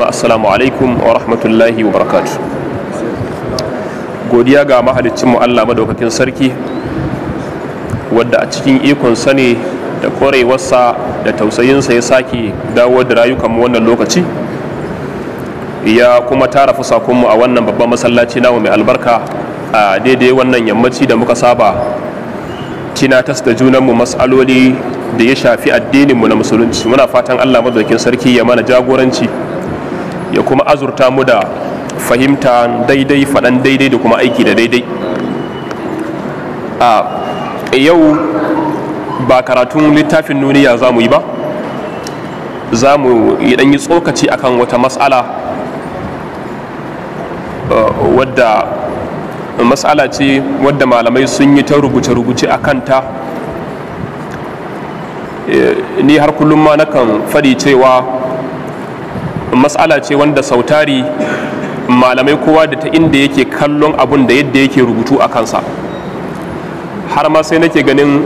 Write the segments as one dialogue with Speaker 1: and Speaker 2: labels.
Speaker 1: assalamu alaikum wa rahmatullahi wa barakatu godiya ga mahaliccinmu allah madaukakin sarki wadda a cikin ikon ne da korewarsa da tausayinsa ya sake dawo da rayukanmu wannan lokaci ya kuma tara fusakunmu a wannan babban masallaci namu mai albarka a daidai wannan yammaci da muka saba tinatas da junanmu mas'aloli da ya shafi addininmu na musulunci muna fatan allah madaukakin sarki ya mana jagoranci ya kuma azurta mu da fahimta daidai faɗan daidai da kuma aiki da daidai a yau ba karatun littafin nuniya za mu yi ba za mu yi ɗanyi tsokaci akan wata matsala eh, wadda matsala ce wadda malamai sun yi ta rubuce-rubuce a kanta eh, ni har kullum ma nakan faɗi cewa matsala ce wanda sautari malamai kowa da ta inda yake kallon abun da yadda yake rubutu a kansa har ma sai nake ganin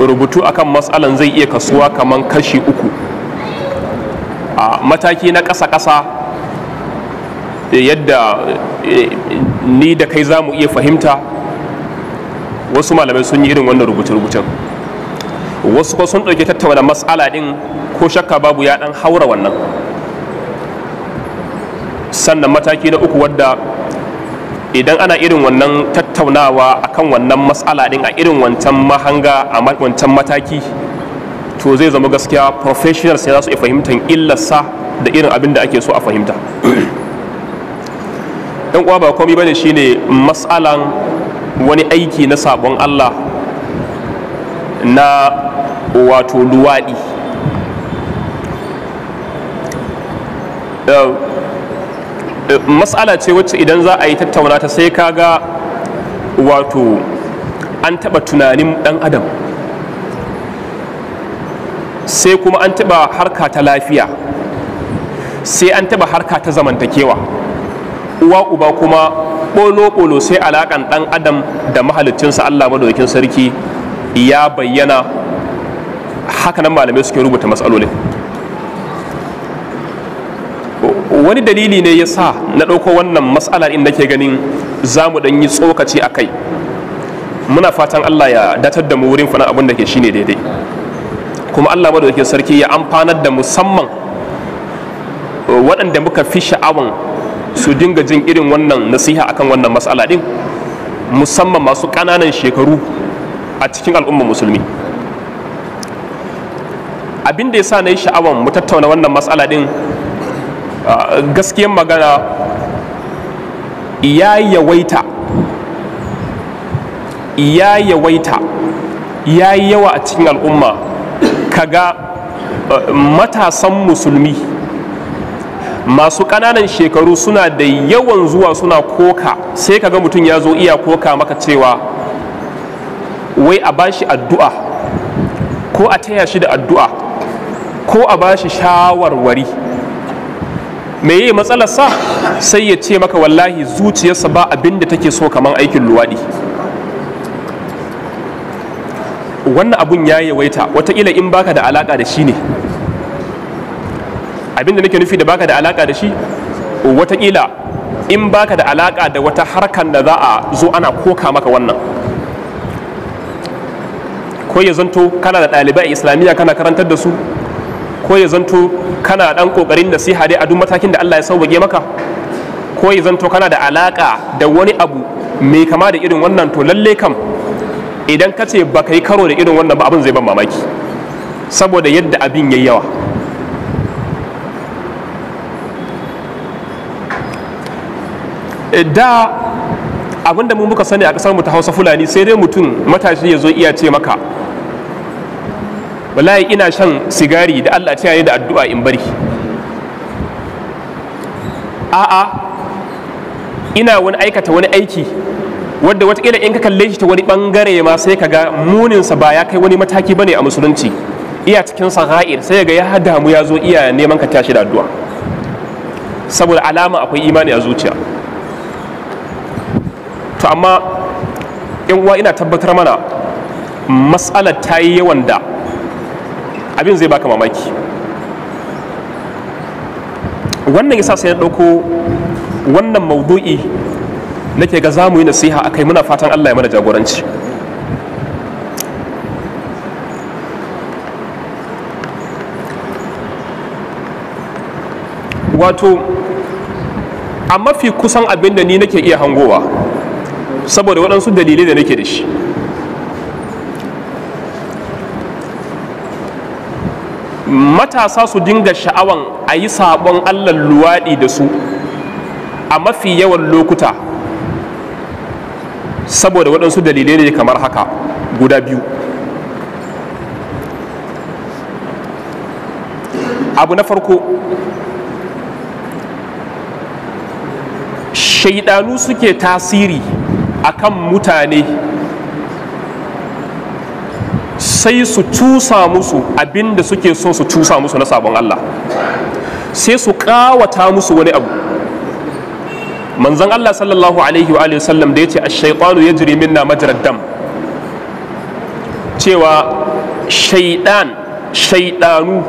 Speaker 1: rubutu akan matsalan zai iya kasuwa kamar kashi uku a mataki na ƙasa-ƙasa eh, yadda eh, ni da kai za mu iya fahimta wasu malamai sun yi irin wannan rubuce-rubucen wasu ko sun ɗauki tattauna matsala ɗin ko shakka babu ya ɗan haura wannan sannan mataki na uku wadda idan ana irin wannan tattaunawa akan wannan matsala din a irin wancan mahanga a wancan mataki to zai zama gaskiya professional sai za su fahimtar illarsa da irin abin da ake so a fahimta ɗan uwa ba komai bane shine matsalan wani aiki na sabon Allah na wato luwaɗi matsala ce wacce idan za a yi tattauna ta sai kaga wato an taɓa tunanin ɗan adam sai kuma an taɓa harka ta lafiya sai an taɓa harka ta zamantakewa uwa uba kuma ɓolo-ɓolo sai alaƙan ɗan adam da mahalicinsa allah madaukin sarki ya bayyana hakanan malamai suke rubuta matsalolin wani dalili ne ya sa na ɗauko wannan matsala inda ke ganin za mu ɗan yi tsokaci a kai muna fatan allah ya datar da mu wurin faɗin abin da ke ne daidai kuma allah ke sarki ya amfanar da musamman eh, waɗanda muka fi sha'awan su dinga jin irin wannan nasiha akan wannan matsala ɗin musamman masu ƙananan shekaru a cikin al'ummar musulmi abin da ya sa na yi sha'awan mu tattauna wannan matsala ɗin gaskiyan magana ya yawaita ya yawaita ya yi yawa a cikin al'umma kaga eh, matasan musulmi masu ƙananan shekaru suna da yawan zuwa suna koka sai kaga mutum ya zo iya koka maka cewa wai a bashi addu'a ko a taya shi da addu'a ko a bashi shawarwari meye matsalar sa sai ya ce maka wallahi zuciyarsa ba abin take so kamar aikin luwaɗi wannan abun ya yawaita wataƙila in baka da alaƙa da shi ne abin nake nufi da baka da alaƙa da shi wataƙila in baka da alaƙa da wata harkar da za a zo ana koka maka wannan ko ya zanto kana da ɗalibai a islamiyya kana karantar da su ko ya zanto kana dan kokarin nasiha dai a duk matakin da Allah ya sauwage maka ko ya zanto kana da alaka da wani abu mai kama da irin wannan to lalle kam idan ka ce ba yi karo da irin wannan ba abin zai ban mamaki saboda yadda abin yayi yawa eh, da abinda mu muka sani a kasar mu ta hausa fulani sai dai mutum matashi ya zo iya ce maka wallahi ina shan sigari da Allah ta yi da addu'a in bari a ina wani aikata wani aiki wadda watakila in ka kalle shi ta wani bangare ma sai ka ga muninsa ba ya kai wani mataki bane a musulunci iya cikin sahair sai ga ya damu ya zo iya neman ka tashi da addu'a saboda alama akwai imani a zuciya to amma yan uwa ina tabbatar mana matsalar ta yi yawan da abin zai baka mamaki wannan yasa sai na ɗauko wannan maudu'i nake ga zamu yi nasiha akai muna fatan Allah ya mana jagoranci wato a mafi kusan abin da ni nake iya hangowa saboda waɗansu dalilai da nake da shi matasa su dinga sha'awan a yi sabon allah luwaɗi da su a mafi yawan lokuta saboda waɗansu dalilai ne kamar haka guda biyu abu na farko shaidanu suke tasiri akan mutane sai su cusa musu abinda suke so su cusa musu na sabon Allah sai su kawata musu wani abu manzon Allah sallallahu alaihi wa sallam da yace a ya ya minna majrad dam cewa shaidan shaidanu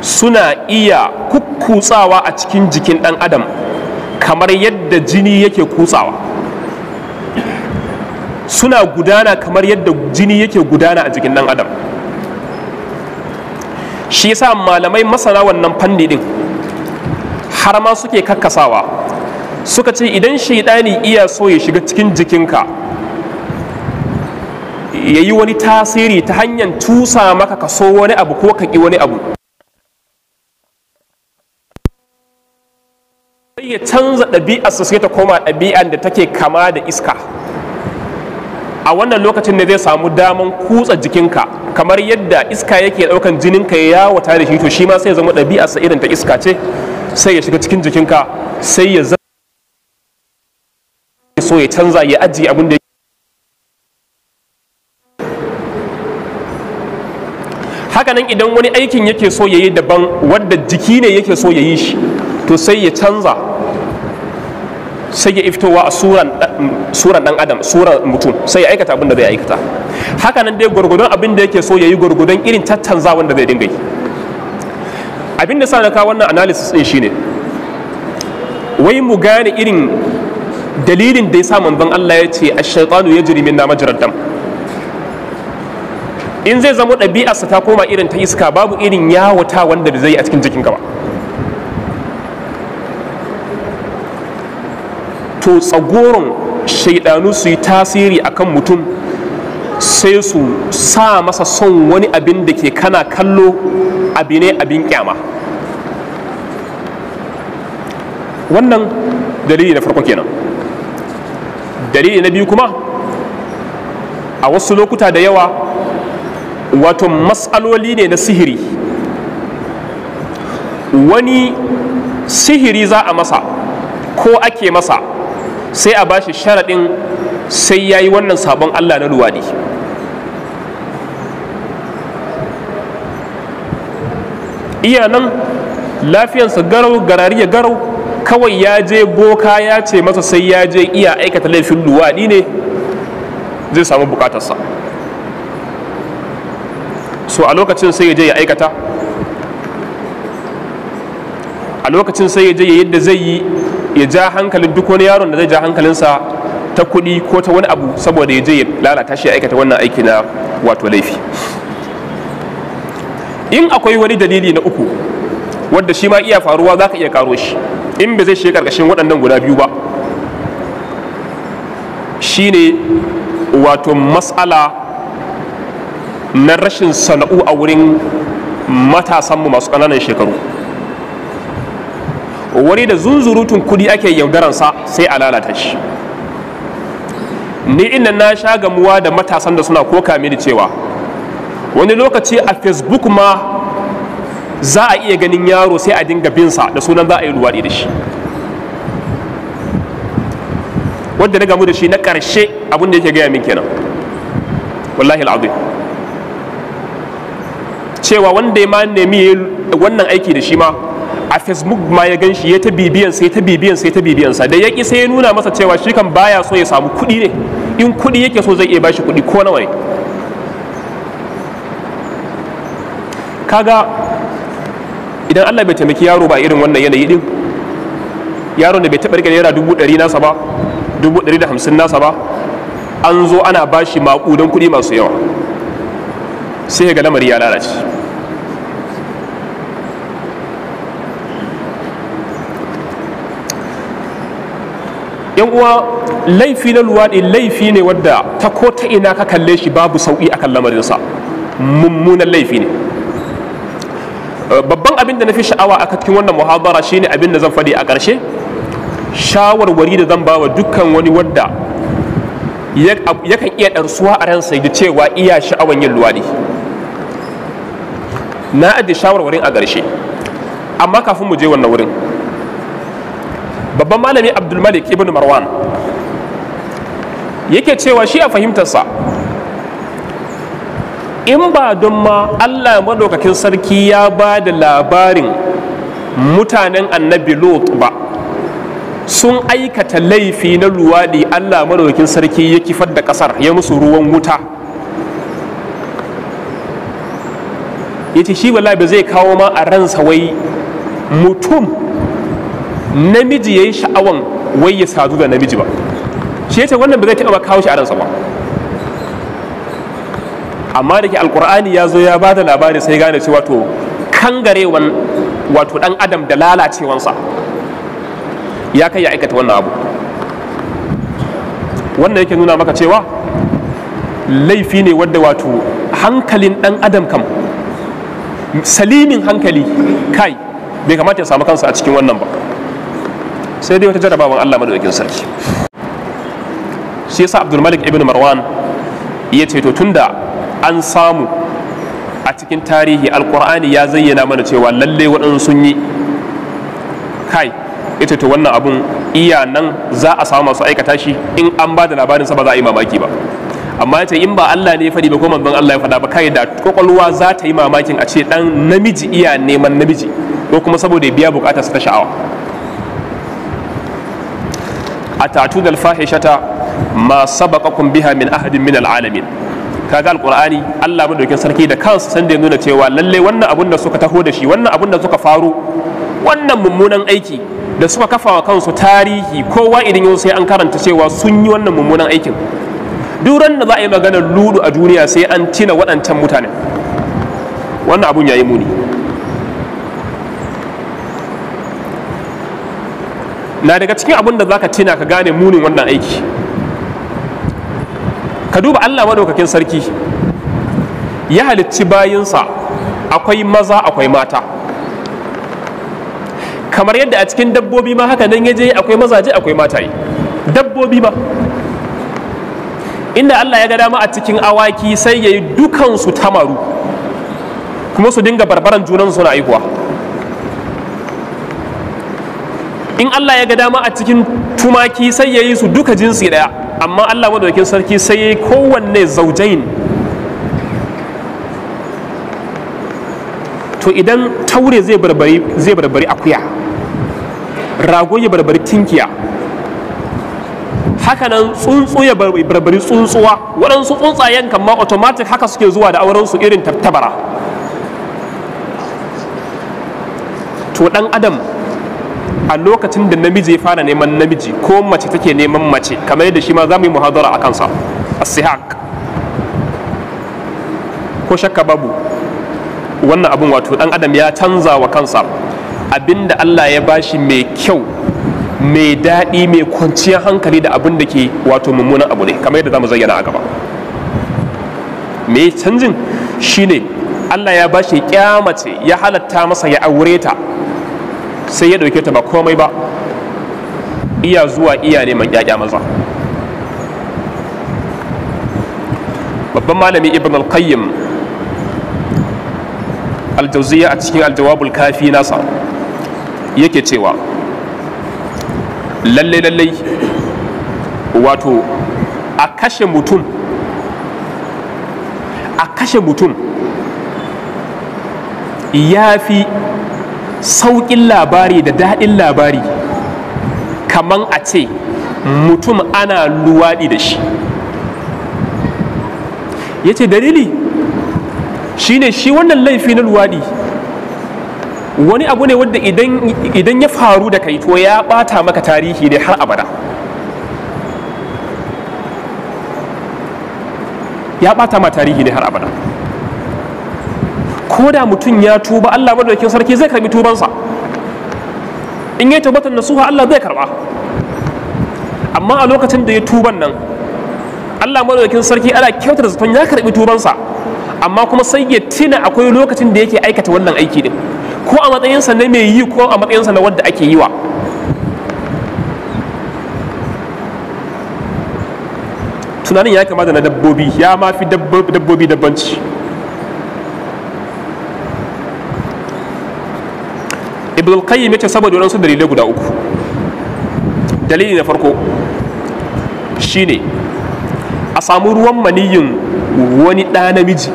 Speaker 1: suna iya kukkutsawa a cikin jikin ɗan adam kamar yadda jini yake kutsawa suna gudana kamar yadda jini yake gudana a jikin ɗan adam shi yasa malamai masana wannan fanni din har ma suke kakkasawa suka ce idan shaidani iya so ya shiga cikin jikinka ya yi wani tasiri ta hanyar tusa maka ka so wani abu ko ka ƙi wani abu sai ya canza su sai ta koma ɗabi'an da take kama da iska a wannan lokacin ne zai samu daman kutsa jikinka kamar yadda iska yake daukan ka ya yawata da shi to shi ma sai ya zama sa irin ta iska ce sai ya shiga cikin jikinka sai ya zama so ya canza ya ajiye abin da hakanan idan wani aikin yake so ya daban wadda jiki ne yake so ya yi shi to sai ya canza sai ya iftowa a suran dan adam suran mutum sai ya aikata abin da bai aikata haka nan dai gwargwadon abin da yake so ya yi gwargwadon irin tattanza da zai dinga yi abin da sa na kawo wannan analysis din shine wai mu gane irin dalilin da ya sa manzon Allah ya ce ash-shaytanu yajri minna majrad dam in zai zama ɗabi'arsa ta koma irin ta iska babu irin yawata wanda zai a cikin jikin gaba to tsagoron shaidanu su yi tasiri akan mutum sai su sa masa son wani abin da ke kana kallo abi ne abin kyama wannan dalili na farko kenan dalili na biyu kuma a wasu lokuta da yawa wato matsaloli ne na sihiri wani sihiri za a masa ko ake masa sai a bashi sharaɗin sai ya yi wannan sabon Allah na luwaɗi iya nan lafiyansa garau garari ya garau kawai ya je boka ya ce masa sai ya je iya aikata laifin luwaɗi ne zai samu bukatarsa so a lokacin sai ya je ya aikata a lokacin sai ya je yadda zai yi ya ja hankalin duk wani yaron da zai ja hankalinsa ta kuɗi ko ta wani abu saboda ya je ya lalata shi ya aikata wannan aiki na wato laifi in akwai wani dalili na uku wadda shi ma iya faruwa za ka iya karo shi in ba zai shiga karkashin waɗannan guda biyu ba shine wato matsala na rashin sana'u a wurin matasanmu masu ƙananan shekaru wani da zunzurutun kudi ake yaudarar sa sai a lalata shi ni inda na sha gamuwa da matasan da suna koka mini cewa wani lokaci a facebook ma za a iya ganin yaro sai a dinga binsa da sunan za a yi luwaɗi da shi wanda na gamu da shi na karshe abin da yake gaya min kenan wallahi al'adu cewa wanda ya ma nemi wannan aiki da shi ma a facebook ma ya gan shi ya ta bibiyan sai ta bibiyan sai ta bibiyan sa da yaki sai ya nuna masa cewa shi kan baya so ya samu kuɗi ne in kuɗi yake so zai iya bashi kuɗi ko nawa ne kaga idan Allah bai taimaki yaro ba irin wannan yanayi din yaron da bai taɓa rike naira dubu ɗari nasa ba dubu ɗari da hamsin nasa ba an zo ana bashi maƙudan kuɗi masu yawa sai ga lamari ya lalace yan uwa laifi na luwaɗi laifi ne wadda ta ko ta ina ka kalle shi babu sauƙi a akan lamarinsa mummunan laifi ne eh, babban abin da na fi sha'awa a cikin wannan shi ne abin da zan faɗi a ƙarshe shawarwari da zan bawa dukkan wani wadda yakan iya ɗarsuwa a ransa da cewa iya sha'awan yin luwaɗi na ajiye shawarwarin a ƙarshe amma kafin mu je wannan wurin babban malami Abdulmalik malik ibn marwan yake cewa shi a fahimtarsa in ba don ma allah madaukakin sarki ya ba da labarin mutanen annabi lot ba sun aikata laifi na luwaɗi allah madaukakin sarki ya kifar da ƙasar ya musu ruwan wuta ya ce shi wallahi ba zai kawo ma a ransa wai mutum namiji ya yi sha'awan wai ya sadu da namiji ba shi yace wannan ba zai taɓa kawo shi a ransa ba amma da ke alkur'ani ya zo ya ba da labari sai gane cewa to kangarewan wato dan adam da lalacewansa ya kai ya aikata wannan abu wannan yake nuna maka cewa laifi ne wadda wato hankalin dan adam kam salimin hankali kai bai kamata ya samu kansa a cikin wannan ba sai dai wata jarabawan Allah madaukakin sarki shi yasa Abdul Malik ibn Marwan ya ce to tunda an samu a cikin tarihi alkur'ani ya zayyana mana cewa lalle waɗansu sun yi kai ita to wannan abun iya nan za a samu masu aikata shi in an ba da labarin sa ba za a yi mamaki ba amma ce in ba Allah ne ya faɗi ba ko manzon Allah ya faɗa ba kai da kwakwalwa za ta yi mamakin a ce dan namiji iya neman namiji ko kuma saboda ya biya bukatar ta sha'awa atatuna alfahishata ma kun biha min ahadin min alalamin kaga alqur'ani Allah madaukin sarki da kansa sanda ya nuna cewa lalle wannan abun da suka taho da shi wannan abun da suka faru wannan mummunan aiki da suka kafa wa kansu tarihi kowa idan yau sai an karanta cewa sun yi wannan mummunan aikin duran da za a yi maganar ludu a duniya sai an tina waɗancan mutane wannan abun ya yi muni na daga cikin abin da ka tina ka gane munin wannan aiki ka duba Allah madaukakin sarki ya halicci bayinsa akwai maza akwai mata kamar yadda a cikin dabbobi ma haka nan yaje akwai mazaje akwai mataye dabbobi ma inda Allah ya ga dama a cikin awaki sai ya yi dukansu tamaru kuma su dinga barbaran junan suna aihuwa in Allah ya ga dama a cikin tumaki sai ya yi su duka jinsi ɗaya, amma Allah madaukin sarki sai ya yi kowanne zaujain to idan taure zai barbari zai barbari akuya rago ya barbari tinkiya hakanan tsuntsu ya barbari tsuntsuwa waɗansu tsuntsayen kan ma automatic haka suke zuwa da aurensu irin tabtabara to ɗan adam a lokacin da namiji ya fara neman namiji ko mace take neman mace kamar yadda shi ma za mu yi muhadara a kansa asihak ko shakka babu wannan abin wato dan adam ya canza wa kansa abinda Allah ya bashi mai kyau mai daɗi mai kwanciyar hankali da abin da ke wato mummunan abu ne kamar yadda za mu zayyana a gaba me canjin shine Allah ya bashi kyamace ya halatta masa ya aure ta sai ya ɗauke ta ba komai ba iya zuwa iya neman ƴaƴa maza babban malami ibn al-qayyim aljauziya a cikin aljawabul kafi nasa yake cewa lalle lalle wato a kashe mutum a kashe mutum ya fi sauƙin labari da daɗin labari kamar a ce mutum ana luwaɗi da shi ya ce dalili shi ne shi wannan laifi na luwaɗi wani abu ne wadda idan ya faru da kai to ya ɓata maka tarihi ne har abada ya ɓata ma tarihi ne har abada ko da mutum ya tuba Allah madaukakin sarki zai karbi tubansa in ya tabbatar nasuha Allah zai karba amma a lokacin da ya tuban nan Allah madaukakin sarki ana kyautar zaton ya karbi tubansa amma kuma sai ya tina akwai lokacin da yake aikata wannan aiki din ko a matsayinsa na mai yi ko a matsayinsa na wanda ake yi wa tunanin ya kama da na dabbobi ya ma fi dabbobi dabbanci ibn qayyim yace saboda sun dalilai guda uku dalili na farko shine a samu ruwan maniyin wani ɗa namiji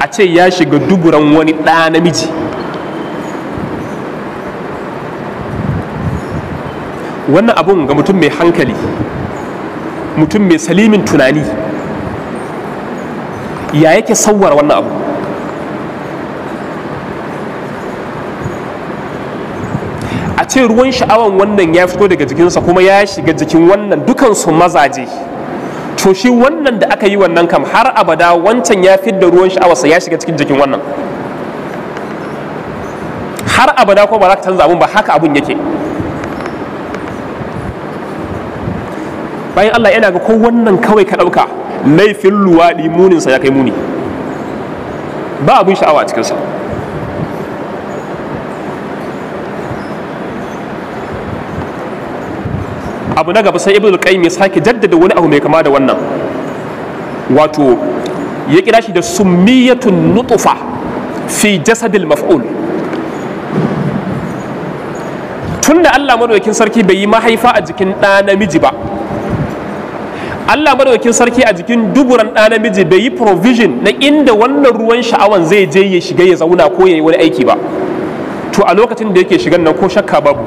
Speaker 1: a ce ya shiga duburan wani ɗa namiji wannan abun ga mutum mai hankali mutum mai salimin tunani ya yake sauwar wannan abu ce ruwan sha'awan wannan ya fito daga jikinsa kuma ya shiga jikin wannan dukansu mazaje to shi wannan da aka yi wannan kam har abada wancan ya fidda ruwan sha'awarsa ya shiga cikin jikin wannan har abada ko ba za ka canza abun ba haka abun yake bayan Allah yana ga ko wannan kawai ka ɗauka laifin luwaɗi muninsa ya kai muni ba abun sha'awa a cikinsa abu na gaba sai al qayyim ya sake jaddada wani abu mai kama da wannan wato ya kira shi da summiyatun nutufa fi jasadil maf'ul tunda Allah madaukakin sarki bai yi mahaifa a jikin ɗa namiji ba Allah madaukakin sarki a jikin duburan ɗa namiji bai yi provision na inda wannan ruwan sha'awan zai je ya shiga ya zauna ko ya yi wani aiki ba to a lokacin da yake shigan nan ko shakka babu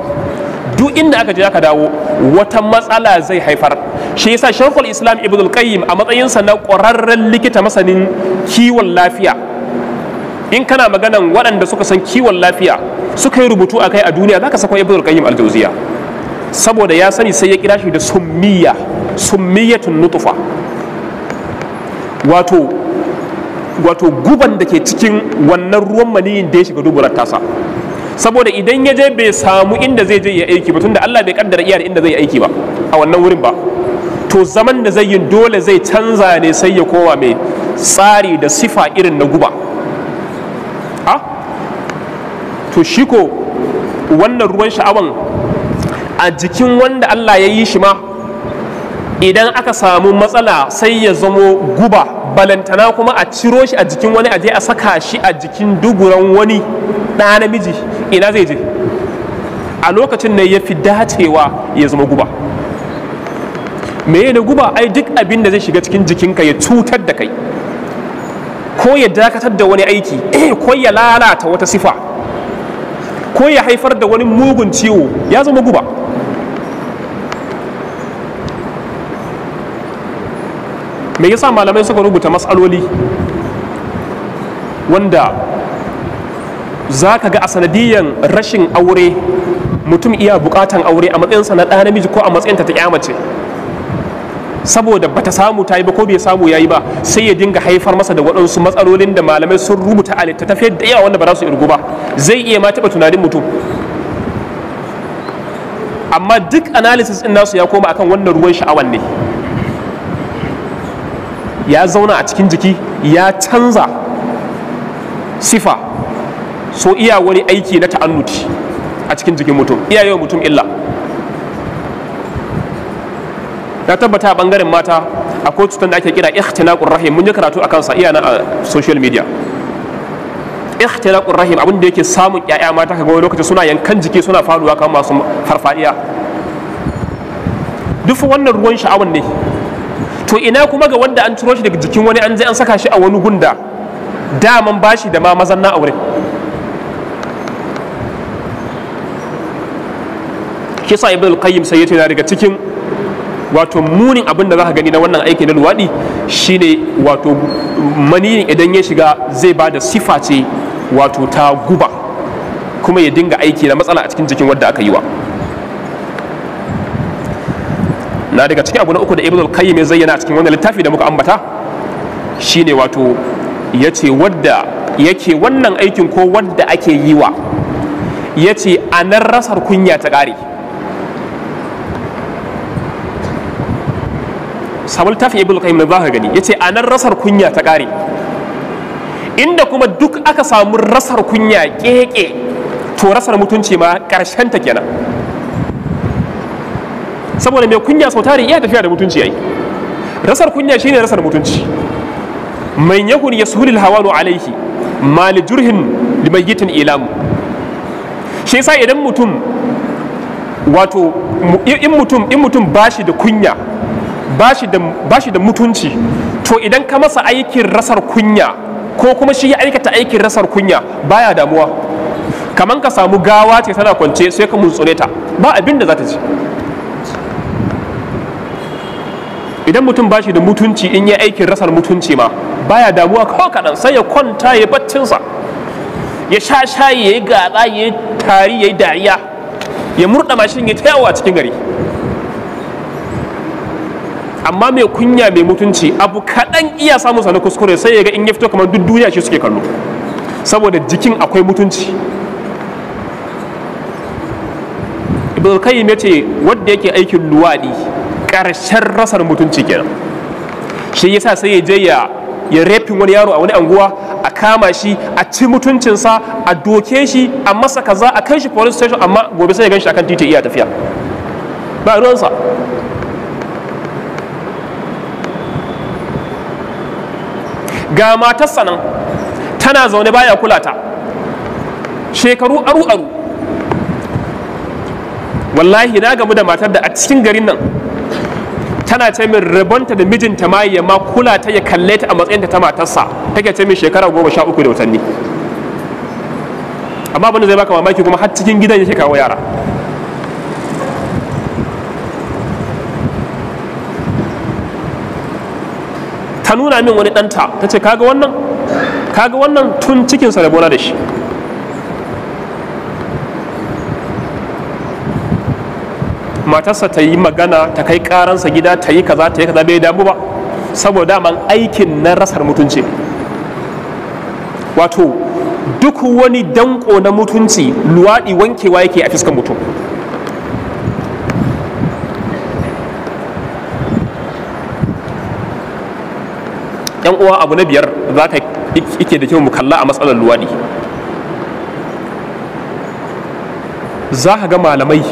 Speaker 1: duk inda aka je aka dawo wata matsala zai haifar shi yasa shekul islam ibnu al-qayyim a matsayin sa na ƙwararren likita masanin kiwon lafiya in kana maganan waɗanda suka san kiwon lafiya suka yi rubutu akai a duniya zaka sako ibnu al-qayyim al-jawziya saboda ya sani sai ya kira shi da summiya summiyatun nutufa wato wato guban da ke cikin wannan ruwan maniyin da ya shiga duburar tasa saboda idan ya je bai samu inda zai je ya aiki ba tunda Allah bai kaddara iya inda zai aiki ba a wannan wurin ba to zaman da zai yi dole zai canza ne sai ya kowa mai tsari da sifa irin na guba a to shi ko wannan ruwan sha'awan a jikin wanda Allah ya yi shi ma idan aka samu matsala sai ya zamo guba balantana kuma a ciro shi a jikin wani a je a saka shi a jikin duguran wani ɗa namiji ina zai je a lokacin ne ya fi dacewa ya zama guba me na guba ai duk abin da zai shiga cikin jikinka ya cutar da kai ko ya dakatar da wani aiki eh, ko ya lalata wata sifa ko ya haifar da wani mugun ciwo ya zama guba me yasa malamai suka rubuta matsaloli wanda za ka ga a sanadiyan rashin aure mutum iya bukatan aure a matsayinsa na ɗa namiji ko a matsayinta ta kyamace saboda bata samu ta yi ba ko bai samu ya yi ba sai ya dinga haifar masa da waɗansu matsalolin da malamai sun rubuta a tafiyar da yawa wanda ba za su irgu ba zai iya ma taɓa tunanin mutum amma duk analysis ɗin nasu ya koma akan wannan ruwan sha'awan ne ya zauna a cikin jiki ya canza sifa so iya wani aiki na ta'annuti a cikin jikin mutum iya yawan mutum illa na tabbata a bangaren mata a cutar da ake kira ikhtilaqur rahim mun yi karatu a kansa iya na a social media ikhtilaqur rahim abinda yake samun yaya mata kaga wani lokaci suna yankan jiki suna faruwa kan masu farfadiya duk wannan ruwan sha'awan ne to ina kuma ga wanda an ciro shi daga jikin wani an je an saka shi a wani gunda daman bashi da ma mazan na aure kisa ibn al-qayyim sai yace daga cikin wato munin abin da za ka gani na wannan aiki na luwadi shine wato maniyin idan ya shiga zai ba da sifa ce wato ta guba kuma ya dinga aiki da matsala a cikin jikin wadda aka yi wa na daga cikin abu na uku da ibn al-qayyim ya zayyana a cikin wannan littafi da muka ambata shine wato yace wadda yake wannan aikin ko wadda ake yi wa yace anan rasar kunya ta kare ta fi ibn qayyim za ka gani yace anan rasar kunya ta kare inda kuma duk aka samu rasar kunya keke to rasar mutunci ma karshen ta kenan saboda mai kunya sau tari iya tafiya da mutunci ai rasar kunya shine rasar mutunci man yakun yasuhulil hawanu alaihi mal jurhin limayitin ilam shi yasa idan mutum wato in mutum in mutum bashi da kunya ba shi da mutunci to idan ka masa aikin rasar kunya ko kuma shi ya aikata aikin rasar kunya baya damuwa kamar ka samu gawa ce tana kwance sai ka mun ta ba abin da za ta ci idan mutum ba shi da mutunci in ya aikin rasar mutunci ma baya damuwa ko kaɗan sai ya kwanta ya baccinsa ya sha shayi ya yi gaza ya yi tari ya yi dariya ya murɗa mashin ya tayawa cikin gari amma mai kunya mai mutunci abu kaɗan iya samun sa na kuskure sai ya ga in ya fito kamar duk duniya shi suke kallo saboda jikin akwai mutunci ibn ya ce wanda yake aikin luwaɗi ƙarshen rasar mutunci kenan shi yasa sai ya je ya ya refin wani yaro a wani anguwa a kama shi a ci mutuncinsa a doke shi a masa kaza a kai shi police station amma gobe sai ya gan akan titi iya tafiya ba ruwansa ga matarsa nan tana zaune baya kula ta shekaru aru aru wallahi na gamu da matar da a cikin garin nan tana ce min rabonta da mijinta ma ya ma kula ta ya kalle ta a matsayinta ta matarsa take ce min shekara goma sha uku da watanni amma da zai baka mamaki kuma har cikin gidan yake kawo yara nuna min wani danta, ta ce kaga wannan kaga wannan tun cikinsa da bona da shi matarsa ta yi magana ta kai karansa gida ta yi kaza ta yi kaza bai damu ba saboda man aikin na rasar mutunci wato duk wani danko na mutunci luwaɗi wankewa yake a fiskan mutum yan uwa abu na biyar za ka ike da kyau mu kalla a matsalar luwadi. za ka ga malamai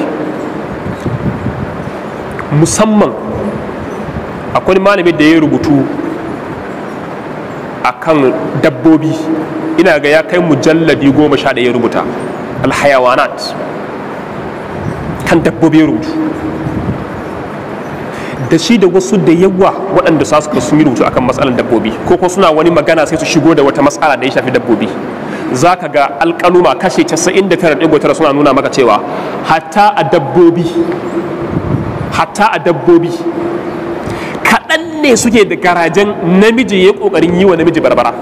Speaker 1: musamman akwai malami da ya rubutu a kan dabbobi ina ga ya kai mujalladi goma sha ɗaya rubuta alhayawanat kan dabbobi rubutu da shi da wasu da yawa waɗanda su ka sun yi rubutu akan matsalar dabbobi ko ko suna wani magana sai su shigo da wata matsala da ya shafi dabbobi za ka ga alƙaluma kashe 99.9 suna nuna maka cewa hatta a dabbobi hatta a dabbobi kaɗan ne suke da garajen namiji ya ƙoƙarin yi wa namiji barbara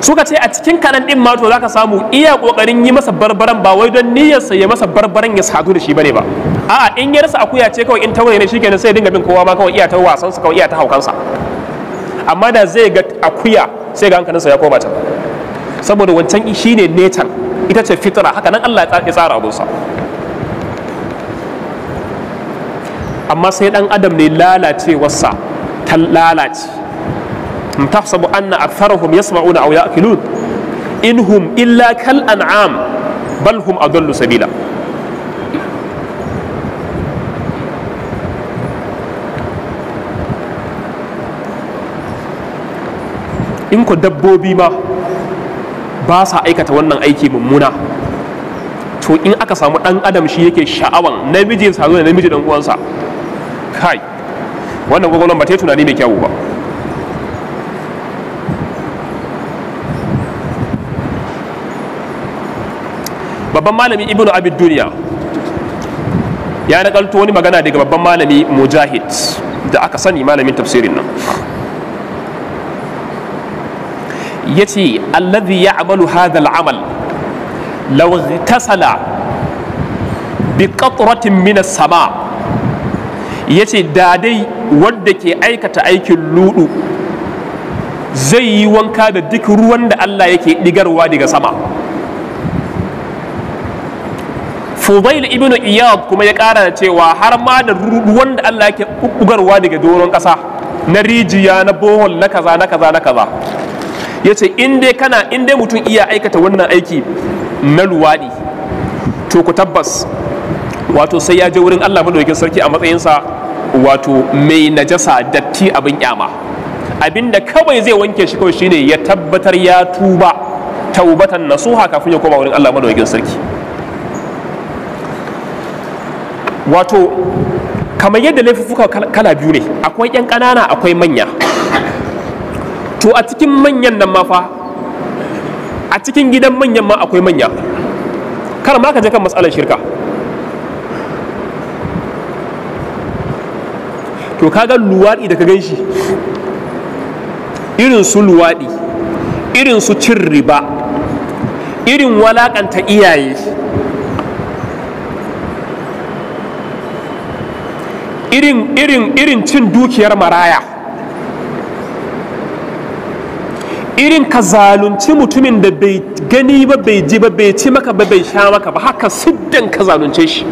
Speaker 1: suka ce a cikin kaɗan ɗin mato za ka samu iya ƙoƙarin yi masa barbaran ba wai don niyyarsa ya masa barbaran ya sadu da shi bane ba a'a in ya rasa akuya ce kawai in tawaye ne shikenan sai dinga bin kowa ma kawai iya ta wasan sa kawai iya ta haukansa amma da zai ga akuya sai ga hankalinsa ya koma can saboda wancan shine netan ita ce fitra haka nan Allah ya tsara sa. amma sai dan adam ne lalacewarsa ta lalace tafsabu anna aktharuhum yasma'una aw ya'kulun inhum illa kal an'am bal hum adallu sabila ko dabbobi ma ba sa aikata wannan aiki mummuna to in aka samu ɗan adam shi yake sha'awan namiji sa zo da namiji dan uwansa kai wannan gwagwalon ba ta yi tunani mai kyau ba babban malami ibnu abid duniya ya nakalto wani magana daga babban malami mujahid da aka sani malamin tafsirin nan yace allazi ya'malu hadha amal. law tasala bi qatratin min as-sama yace da dai wanda ke aikata aikin ludu zai yi wanka da duk ruwan da Allah yake digarwa daga sama Fudail ibn Iyad kuma ya kara da cewa har ma da ruwan da Allah yake bubbugarwa daga doron kasa na rijiya na bohol na kaza na kaza na kaza ya ce in dai kana in dai mutum iya aikata wannan aiki na luwaɗi to ku tabbas wato sai ya je wurin allah madaukin sarki a matsayinsa wato mai najasa datti abin kyama abinda kawai zai wanke shi kawai shine ya tabbatar ya tuba taubatan nasuha kafin ya koma wurin allah madaukin sarki wato kamar yadda laifuffuka kala biyu ne akwai 'yan ƙanana akwai manya to a cikin manyan nan ma a cikin gidan manyan ma akwai manya kar ma ka je kan matsalar shirka to ga luwaɗi da ka gan shi irin su luwaɗi irin su cin riba irin walaƙanta iyaye irin irin irin cin dukiyar maraya irin ka zalunci mutumin da bai gani ba bai ji ba bai ci maka ba bai sha maka ba haka siddan ka zalunce shi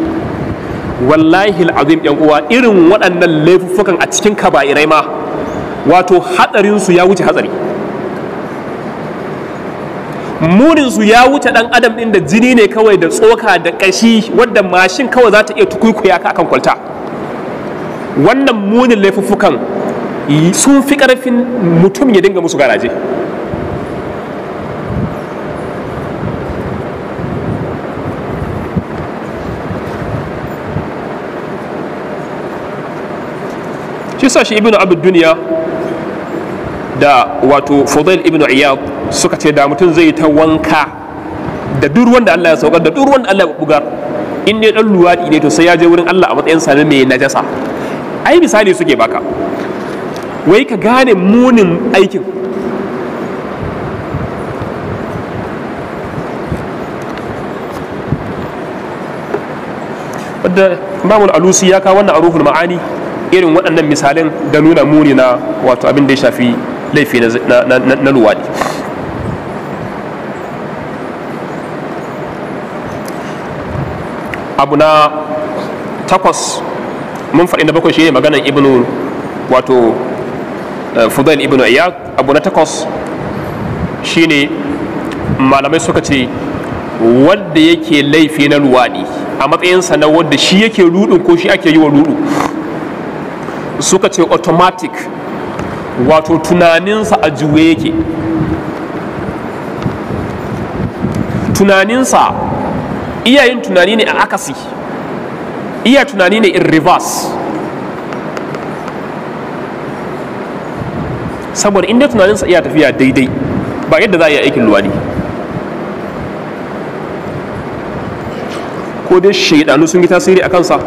Speaker 1: wallahi al'azim yan uwa irin waɗannan laifuffukan a cikin kaba'irai ma wato su ya wuce hatsari muninsu ya wuce ɗan adam ɗin da jini ne kawai da tsoka da ƙashi wadda mashin kawai za ta iya tukuikuya ka akan kwalta wannan munin laifuffukan sun fi ƙarfin mutum ya dinga musu garaje yasa shi ibnu abu duniya da wato fudail ibnu iyad suka ce da mutum zai ta wanka da duk wanda Allah ya saukar da duk wanda Allah ya bugar in dai dan luwadi ne to sai ya je wurin Allah a matsayin sa mai najasa ai misali suke baka wai ka gane munin aikin wadda imamul alusi ya kawo wannan a ma'ani irin waɗannan misalin da nuna muni na wato abin da ya shafi laifi na luwaɗi abu na takwas mun faɗi na bakwai shi ne maganar ibnu wato eh, fudail ibnu iyad abu na takwas shi ne malamai suka ce wadda yake laifi na luwaɗi a matsayinsa na wadda shi yake rudu ko shi ake yi wa rudu suka ce automatic wato tunaninsa a juwe yake tunaninsa yin tunani ne a akasi iya tunani ne in reverse saboda inda tunaninsa iya tafiya daidai ba yadda za a yi aikin luwa ne. ko dai shaidanu sun yi tasiri a kansa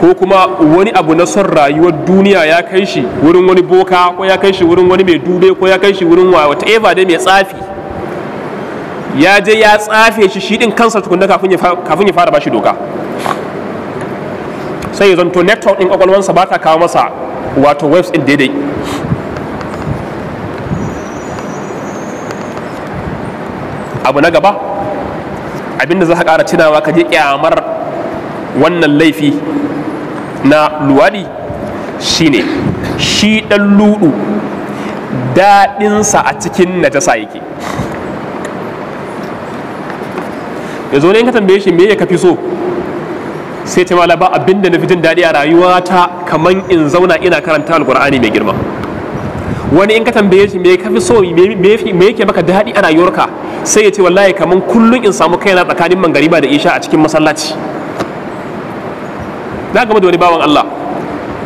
Speaker 1: ko kuma wani abu na son rayuwar duniya ya kai shi wurin wani boka ko ya kai shi wurin wani mai dube ko ya kai shi wurin wata eva dai mai tsafi ya je ya tsafe shi shi din kansa tukunna kafin ya fara ba shi doka sai ya zanto network din kwakwalwansa ba ta kawo masa wato waves din daidai abu na gaba abinda za ka kara tunawa ka je kyamar wannan laifi na luwadi shine shi ɗan luɗu daɗinsa a cikin na ta yake ya zo ne ka tambaye shi me ya kafi so sai ta malaba ba abin na fi daɗi a rayuwata kaman in zauna ina karanta alkur'ani mai girma wani in ka tambaye shi me kafi so me yake maka daɗi a rayuwarka sai ya ce wallahi kamar kullum in samu kaina tsakanin mangariba da isha a cikin masallaci na game da wani bawan Allah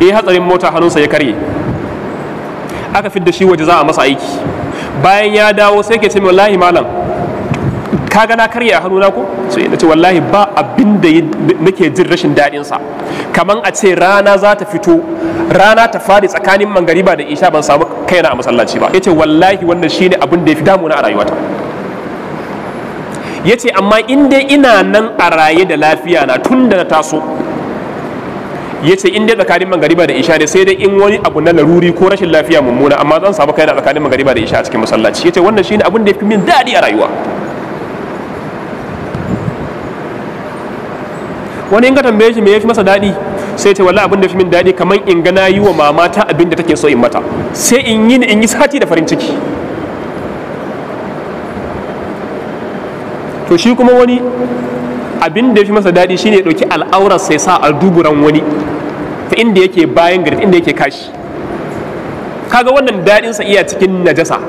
Speaker 1: eh hatsarin mota hannunsa ya karye aka fidda shi waje za a masa aiki bayan ya dawo sai ke ce wallahi malam ka ga na a hannuna ko so ya ce wallahi ba abin da nake jin rashin daɗin sa kaman a ce rana za ta fito rana ta fadi tsakanin mangariba da isha ban samu kaina a masallaci ba yace wallahi wannan shine abin da ya fi damuna a rayuwata yace amma in dai ina nan a raye da lafiya na tun da na taso ya ce in dai tsakanin mangariba da isha ne sai dai in wani abu na laruri ko rashin lafiya mummuna amma zan samu kaina tsakanin mangariba da isha a cikin masallaci ya ce wannan shine abin da ya fi min daɗi a rayuwa wani in ka tambaye shi me ya fi masa daɗi sai ce wallahi abin da fi min daɗi kamar in ga na yi wa mama ta abin da take so in mata sai in yi in yi sati da farin ciki to shi kuma wani abin da ya fi masa daɗi shine ya ɗauki al'aurar sai sa a duburan wani ta inda yake bayan gari inda yake kashi kaga wannan daɗin sa iya cikin najasa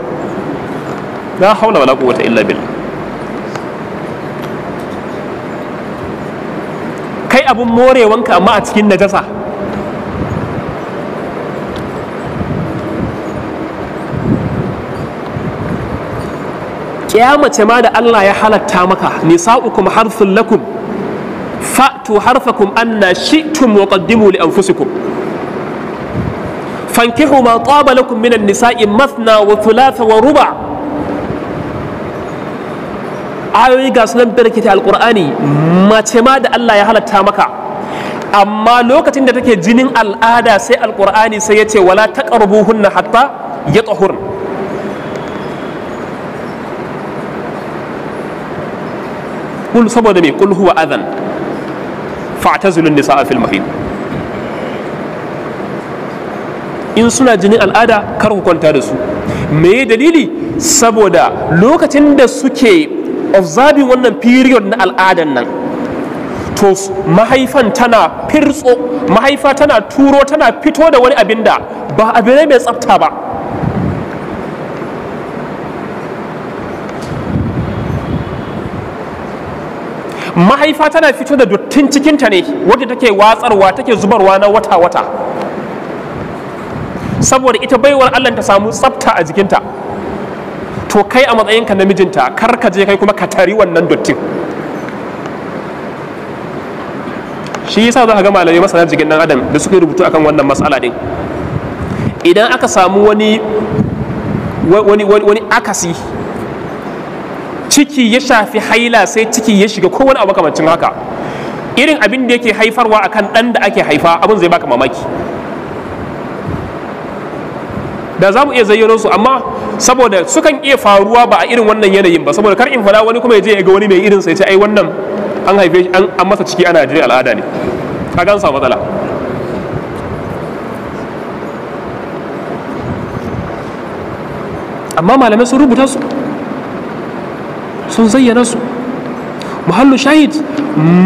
Speaker 1: na haula wala quwwata illa billah kai abun morewanka amma a cikin najasa ya mace ma da Allah ya halatta maka nisa'ukum harthun lakum fa'tu harfakum anna shi'tum wa qaddimu li anfusikum fankihu ma taba lakum minan nisa'i mathna wa thulatha wa ruba ayoyi ga sunan barkita alqur'ani mace ma da Allah ya halatta maka amma lokacin da take jinin al'ada sai alqur'ani sai ya ce wala taqrabuhunna hatta tsuhur. kul saboda mai kul huwa adhan fa'tazilun nisa'a fil mahid in suna jinin al'ada kar ku kwanta da su me dalili saboda lokacin da suke observing wannan period na al'adan nan to mahaifan tana firtso mahaifa tana turo tana fito da wani abin da ba abin mai tsafta ba mahaifa tana fito da dottin cikinta ne wadda take watsarwa take zubarwa na wata-wata saboda ita baiwar allah ta samu tsafta a jikinta to kai a matsayinka namijinta kar ka je kai kuma ka tari wannan dottin shi yasa za ga malamai masana jikin dan adam da suka rubutu akan wannan matsala din idan aka samu wani wani wani akasi ciki ya shafi haila sai ciki ya shiga ko wani abu makamancin haka irin abin da yake haifarwa akan ɗan da ake haifa abin zai baka mamaki da za mu iya zayyano su amma saboda sukan iya faruwa ba a irin wannan yanayin ba saboda kar in fada wani kuma ya je ya ga wani mai irin sai ce ai wannan an haife shi an masa ciki ana jiri al'ada ne ka gan samu matsala amma malamai sun rubuta su sun zayyana su muhallu shahid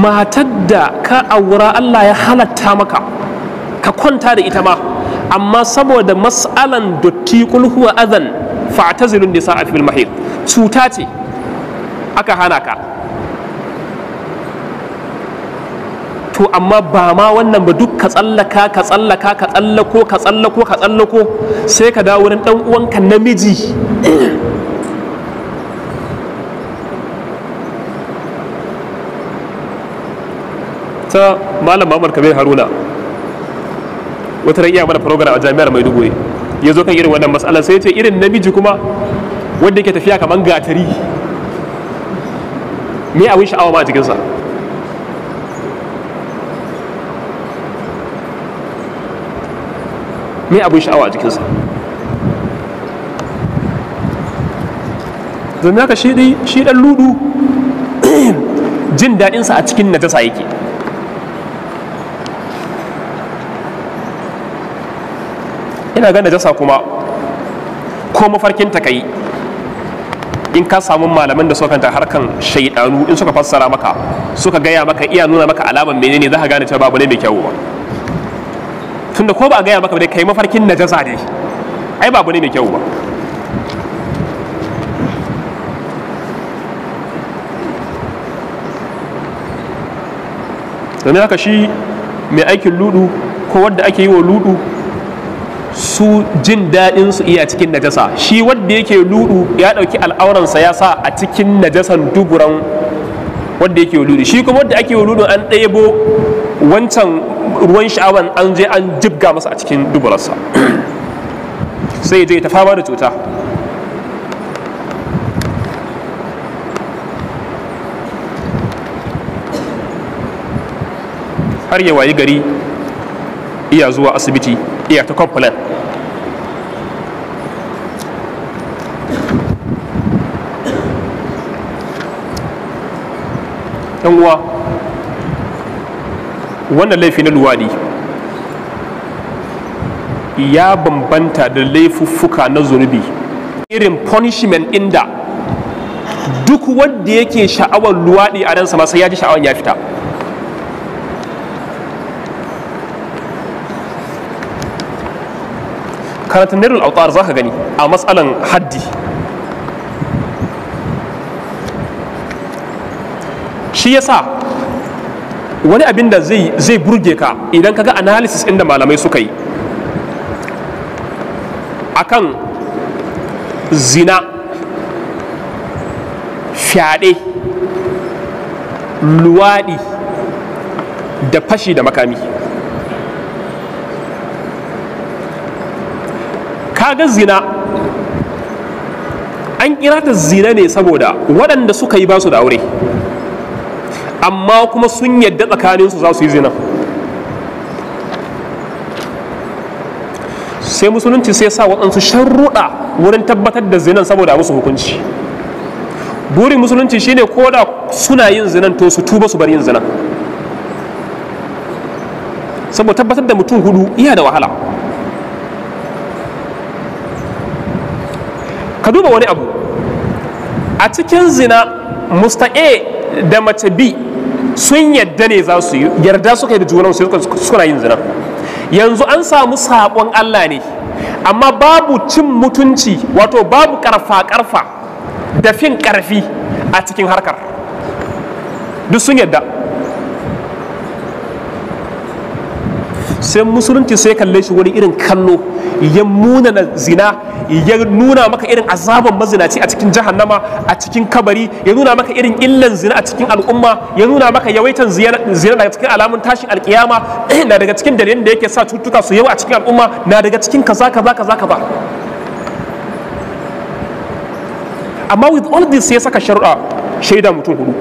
Speaker 1: matar da ka aura Allah ya halatta maka ka kwanta da ita ma amma saboda mas'alan dotti kulhuwa azan fa'tazilun nisa a fil mahir, cuta ce aka hana ka to amma ba ma wannan ba duk ka tsallaka ka tsallaka ka tsallako ka tsallako ka tsallako sai ka dawo wurin dan uwanka namiji ta malam mamar kabir haruna wata rai, iya mana program a jami'ar maiduguri ya zo kan irin wannan matsalar sai ce irin namiji kuma wanda yake tafiya kamar gatari me abin sha'awa ma a jikinsa me abin sha'awa a jikinsa domin haka shi ɗan ludu jin daɗinsa a cikin najasa yake ina ganin najasa kuma ko mafarkin ta kai in ka samu malamin da suka kanta harkan shaidanu in suka fassara maka suka gaya maka iya nuna maka alaman menene za ka gane cewa babu ne mai kyau ba tunda ko ba a gaya maka ba dai kai mafarkin najasa ne ai babu ne mai kyau ba domin haka shi mai aikin ludu ko wanda ake yi wa ludu su jin daɗin su iya cikin najasa shi wanda yake ludu ya ɗauki al'auransa ya sa a cikin najasan duburan wanda yake ludu shi kuma wanda ake ludu an ɗebo wancan ruwan sha'awan an je an jibga masa a cikin duburarsa sai je ta fama da cuta har ya wayi gari iya zuwa asibiti iya ta uwa wannan laifi na luwadi ya bambanta da laifuffuka na zunubi irin punishment inda duk wanda yake sha'awar luwaɗi a ransa masa ya ji sha'awar ya fita karatun nairul autar za ka gani a matsalan haddi shi yasa wani abin da zai burge ka idan ka ga analysis inda malamai suka yi akan zina fyaɗe luwaɗi da fashi da makami kaga zina an kira ta zina ne saboda waɗanda suka yi basu da aure amma kuma sun yadda tsakaninsu za su yi zina sai musulunci sai sa waɗansu sharruɗa wurin tabbatar da zinan saboda musu hukunci burin musulunci shine ko da suna yin zinan to su tuba su bar yin zinan saboda tabbatar da mutum hudu iya da wahala wani abu a cikin zina musta'e da mace bi sun yadda ne za su yi yarda suka yi da junan su suna yin zina yanzu an samu saƙon Allah ne amma babu cin mutunci wato babu karfa-karfa da fin karfi a cikin harkar duk sun yadda sai musulunci sai kalle shi wani irin kallo ya nuna na zina ya nuna maka irin azaban mazinaci a cikin jahannama a cikin kabari ya nuna maka irin illan zina a cikin al'umma ya nuna maka yawaitan zina daga cikin alamun tashin alkiyama eh, na daga cikin dalilin da yake sa cututtuka su yawa a cikin al'umma na daga cikin kaza kaza kaza kaza amma with all this sai saka sharuɗa shaida mutum hudu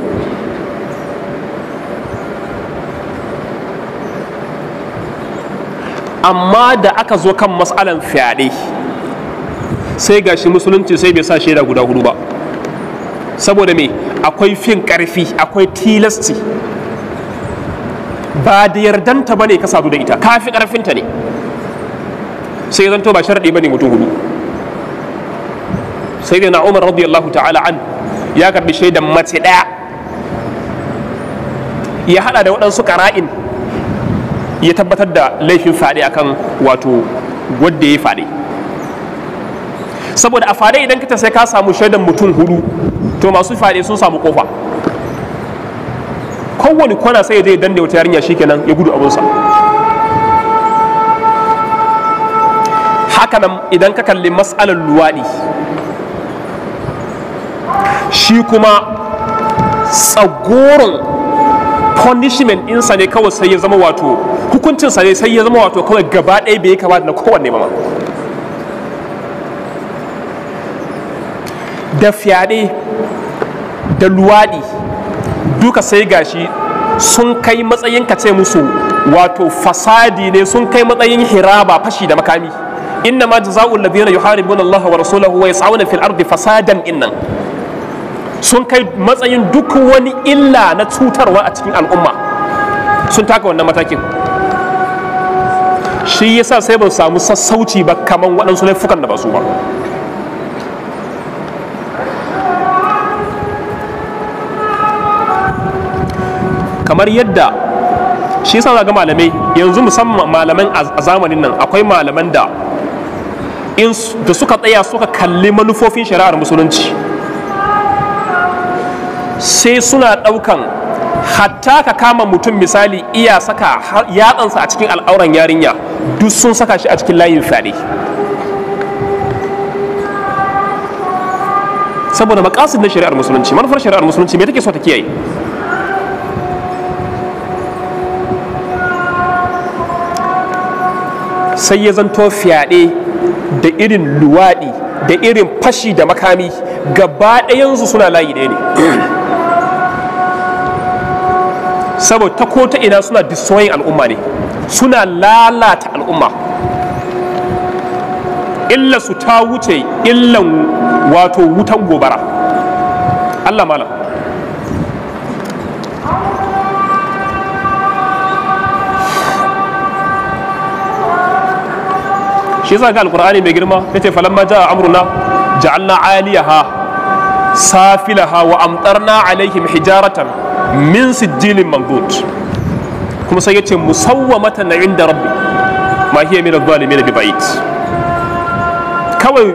Speaker 1: amma da aka zo kan matsalan fyaɗe sai gashi musulunci sai bai sa shaida guda hudu ba saboda me akwai fin ƙarfi akwai tilasti ba da yardanta ba ne ka sadu da ita ka fi ƙarfinta ne sai zanto ba sharaɗi ba ne mutum hudu sai da Umar radiyallahu ta'ala an ya karɓi shaidan mace ɗaya ya haɗa da waɗansu ƙara'in ya tabbatar da laifin fade akan wato wadda ya fade saboda a fade idan ka sai ka samu shaidan mutum hudu to masu fade sun samu kofa kowane kwana sai zai dande wata yarinya shikenan ya gudu abunsa haka nan idan ka kalli matsalar luwaɗi shi kuma tsagoron punishment sa ne kawai sai ya zama wato hukuncinsa ne sai ya zama wato kawai gaba ɗaya bai kama na kowanne ba da fyaɗe da luwaɗi duka sai gashi sun kai matsayin ka ce musu wato fasadi ne sun kai matsayin hiraba fashi da makami inna ma jazaa'ul ladina yuharibuna Allah wa rasulahu wa yas'una fil ardi fasadan innan sun kai matsayin duk wani illa na cutarwa a cikin al'umma sun taka wannan matakin shi yasa sai ba samu sassauci ba kamar waɗansu laifukan da ba su ba kamar yadda shi yasa ga malamai yanzu musamman malaman a zamanin nan akwai malaman da in da suka tsaya suka kalli manufofin shari'ar musulunci sai suna ɗaukan hatta ka kama mutum misali iya saka yatsansa a cikin al'auran yarinya duk sun saka shi a cikin layin fyaɗe saboda makasin na shari'ar musulunci manufar shari'ar musulunci mai take so ta kiyaye sai ya zanto fyaɗe da irin luwaɗi da irin fashi da makami gaba ɗayansu suna layi ɗaya ne saboda ta ko ta ina suna destroying al'umma ne suna lalata al'umma illa su ta wuce illan wato wutan gobara Allah malam shi yasa ga alkur'ani mai girma yace falamma jaa amruna ja'alna 'aliyaha safilaha wa amtarna alaihim hijaratan min sijilin mangut kuma sai yace musawwamata na inda rabbi ma hiya min adh-dhalimin bi ba'id kawai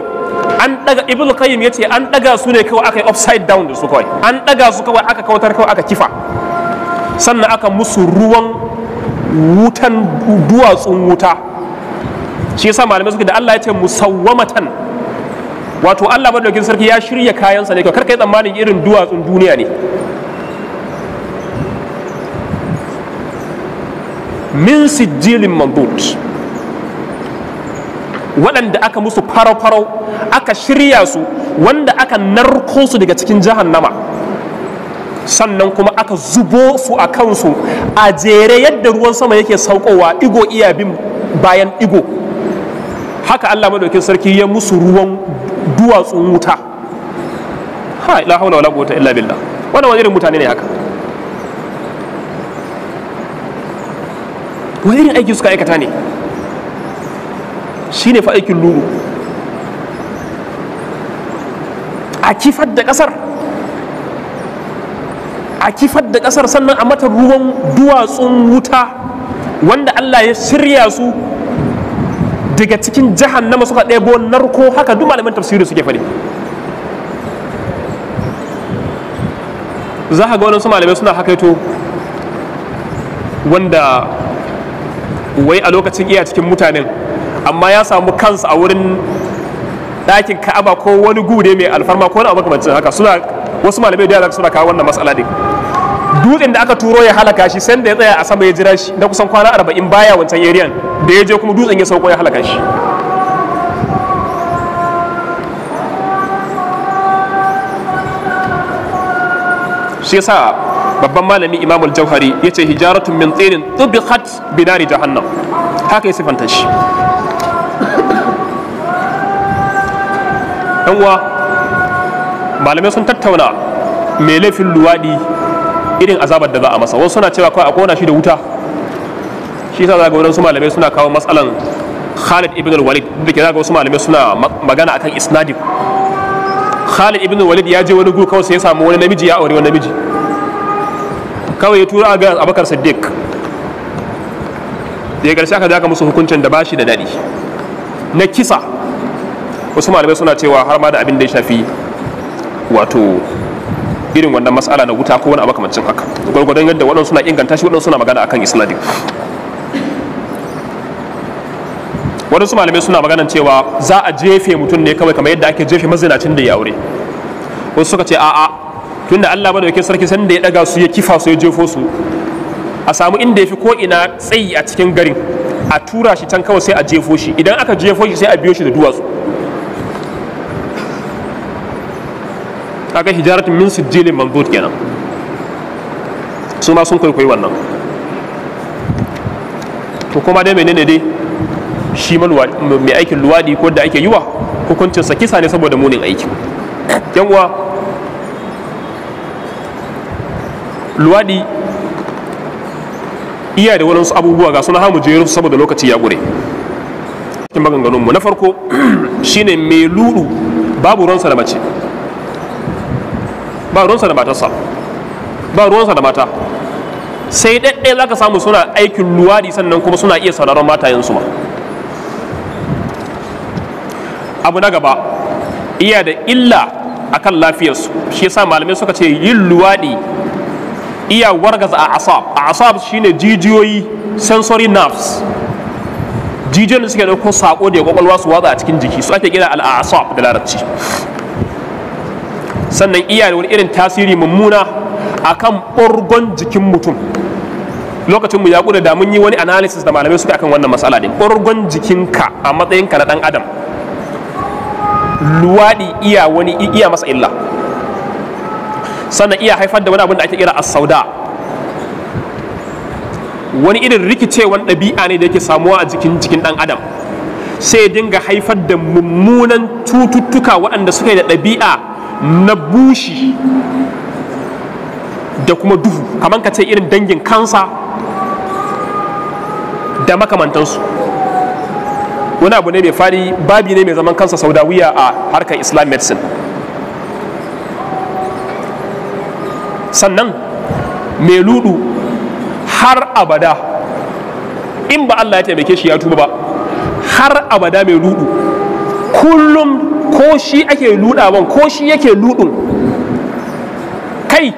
Speaker 1: an daga ibn qayyim yace an daga su ne kawai aka yi upside down da su kawai an daga su kawai aka kautar kawai aka kifa sannan aka musu ruwan wutan duwatsun wuta shi yasa malamai suke da Allah ya ce musawwamatan wato Allah madaukin sarki ya shirya kayansa ne kawai karka yi tsammanin irin duwatsun duniya ne min sijilin mambut waɗanda aka musu farau-farau aka shirya su wanda aka narko su daga cikin jahannama sannan kuma aka zubo su a kansu a jere yadda ruwan sama yake saukowa igo iya bin bayan igo haka allah madaukin sarki ya musu ruwan duwatsun wuta ha ila hauna wala quwwata illa billah wannan wani irin mutane ne haka wani irin aiki suka aikata ne shine fa aikin lulu a kifar da kasar a kifar da kasar sannan a mata ruwan duwatsun wuta wanda Allah ya shirya su daga cikin jahannama suka ɗebo narko haka duk malaman tafsiri suke fari. za ka ga su malamai suna hakaito wanda wai a lokacin iya cikin mutanen amma ya samu kansa a wurin ɗakin ka'aba ko wani gude mai alfarma ko wani abu makamancin haka suna wasu malamai da suna kawo wannan matsala din dutsen da aka turo ya halaka shi sanda ya tsaya a sama ya jira shi na kusan kwana arba'in baya wancan eriyan da ya je kuma dutsen ya sauko ya halaka shi shi yasa babban malami imamul jauhari ya ce hijaratun min tsinin tubiqat binari jahannam haka ya sifanta shi uwa malamai sun tattauna mai laifin luwaɗi irin azabar da za a masa wasu suna cewa kawai a kona shi da wuta shi sa zaga wadansu malamai suna kawo matsalan khalid ibn walid da ke zaga wasu malamai suna magana akan isnadin khalid ibn walid ya je wani gu kawai sai ya samu wani namiji ya aure wani namiji kawai ya tura ga abakar siddiq daga ƙarshe aka daga musu hukuncin da bashi da daɗi na kisa wasu malamai suna cewa har ma da abin da ya shafi wato irin wannan matsala na wuta ko wani abu kamancin haka gwargwadon yadda waɗansu suna inganta shi waɗansu suna magana akan isnadin waɗansu malamai suna maganan cewa za a jefe mutum ne kawai kamar yadda ake jefe mazinacin da ya aure wasu suka ce a'a tunda Allah yake sarki sanda ya daga su ya kifa su ya jefo su a samu inda ya fi ko ina tsayi a cikin garin a tura shi can kawai sai a jefo shi idan aka jefo shi sai a biyo shi da duwatsu kaga hijarat min sijilin mamdud kenan su ma sun kwaikwayi wannan to kuma dai menene dai shi mai aikin luwadi ko da ake yiwa hukuncinsa kisa ne saboda munin aiki yan uwa luwaɗi iya da waɗansu abubuwa ga suna hamu jeru saboda lokaci ya gure cikin maganganunmu na farko shine mai luɗu babu ruwansa da mace ba ruwansa da matarsa ba ruwansa da mata sai ɗaɗɗe za ka samu suna aikin luwaɗi sannan kuma suna iya sauraron matayensu ma abu na gaba iya da illa akan lafiyarsu shi yasa malamai suka ce yin luwaɗi iya wargaza a asab a asab shine jijiyoyi sensory nerves jijiyoyin da suke dauko sako da ya kwakwalwa su watsa a cikin jiki su ake kira al'asab da larabci sannan iya da wani irin tasiri mummuna a kan ɓurgon jikin mutum lokacin mu ya kuda da mun yi wani analysis da malamai suka akan wannan matsala din ɓurgon jikinka a matsayinka na ɗan adam luwaɗi iya wani iya masa illa sannan iya haifar da wani abin da ake kira a sauda wani irin rikicewan ɗabi'a ne da yake samuwa a jikin jikin ɗan adam sai dinga haifar da mummunan cututtuka waɗanda suka yi da ɗabi'a na bushi da kuma duhu kamar ka ce irin dangin kansa da makamantansu wani abu ne mai fari babi ne mai zaman kansa saudawiya a harkar islam medicine sannan mai ludu har abada in ba Allah ya taimake shi ya tuba ba har abada mai ludu kullum ko shi ake ludawan ko shi yake ludun kai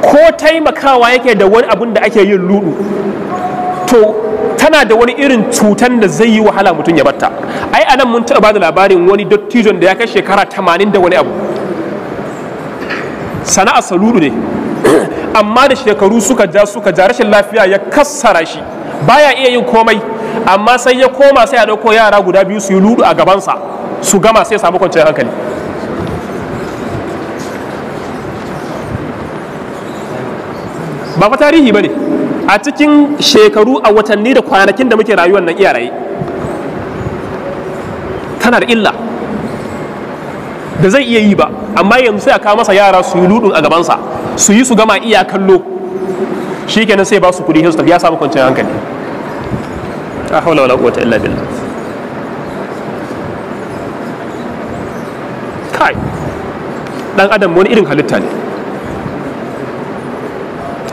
Speaker 1: ko taimakawa yake da wani abun da ake yin ludu to tana da wani irin cutan da zai yi wahala mutum ya batta ai anan mun taɓa ba da labarin wani dattijon da ya kai shekara tamanin da wani abu sana'ar saludu ne amma da shekaru suka ja suka ja rashin lafiya ya kassara shi baya iya yin komai amma sai ya koma sai a ɗauko yara guda biyu su yi ludu a gabansa su gama sai samu kwanciyar hankali ba fa tarihi ba ne a cikin shekaru a watanni da kwanakin da muke rayuwar nan iyaye tana da illa da zai iya yi ba amma yanzu sai a masa yara su yi ludun a gabansa su yi su gama iya kallo shi kenan sai ba su kudi su tafi ya samu kwanciyar hankali a haula wala kuwata illa billah kai dan adam wani irin halitta ne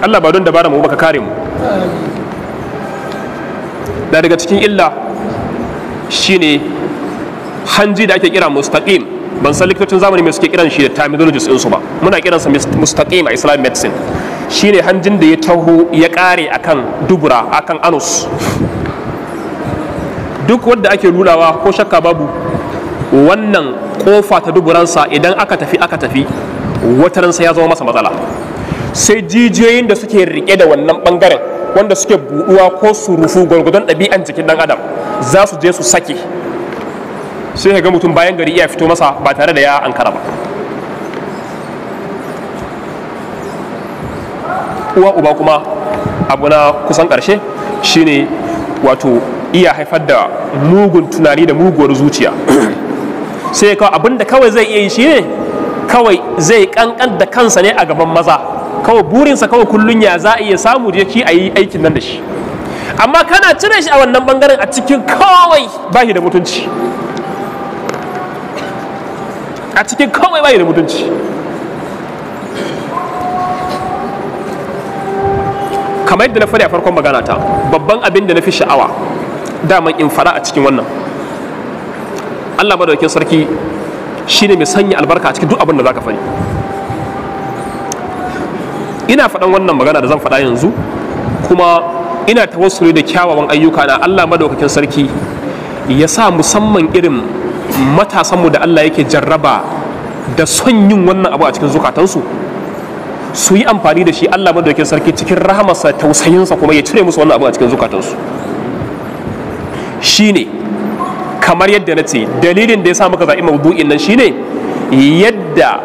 Speaker 1: Allah ba don dabara mu baka kare mu da daga cikin illa shine hanji da ake kira mustaqim ban san likitocin zamani mai suke kiran shi da terminologist su ba muna kiransa mustaqim a islamic medicine shine hanjin da ya taho ya kare akan dubura akan anus duk wanda ake lulawa ko shakka babu wannan kofa ta duburansa idan aka tafi aka tafi wataransa ya zama masa matsala sai jijiyoyin da suke rike da wannan bangaren wanda suke buɗuwa ko su rufu gwargwadon ɗabi'an jikin ɗan adam za su je su sake sai ya ga mutum bayan gari iya fito masa ba tare da ya ankara ba uwa uba kuma abu na kusan ƙarshe shine wato iya haifar da mugun tunani da muguwar zuciya sai ka abin da kawai zai iya yi shine kawai zai kankan da kansa ne a gaban maza kawai burinsa kawai kullun ya za a iya samu da yake a yi aikin nan da shi amma kana cire shi a wannan bangaren a cikin kawai bashi da mutunci a cikin komai bai da mutunci kamar yadda na faɗi a farkon magana ta babban abin da na fi sha'awa daman in fara a cikin wannan Allah madaukakin sarki shine mai sanya albarka a cikin duk abin da zaka faɗi ina faɗan wannan magana da zan faɗa yanzu kuma ina ta tawassuli da kyawawan ayyuka na Allah madaukakin sarki ya sa musamman irin matasanmu da Allah yake jarraba da son yin wannan abu a cikin zukatansu su yi amfani da shi Allah madaukakin sarki cikin rahamarsa tausayinsa kuma ya cire musu wannan abu a cikin zukatansu shine kamar yadda na ce dalilin da ya sa muka zaɓi maudu'in nan ne, yadda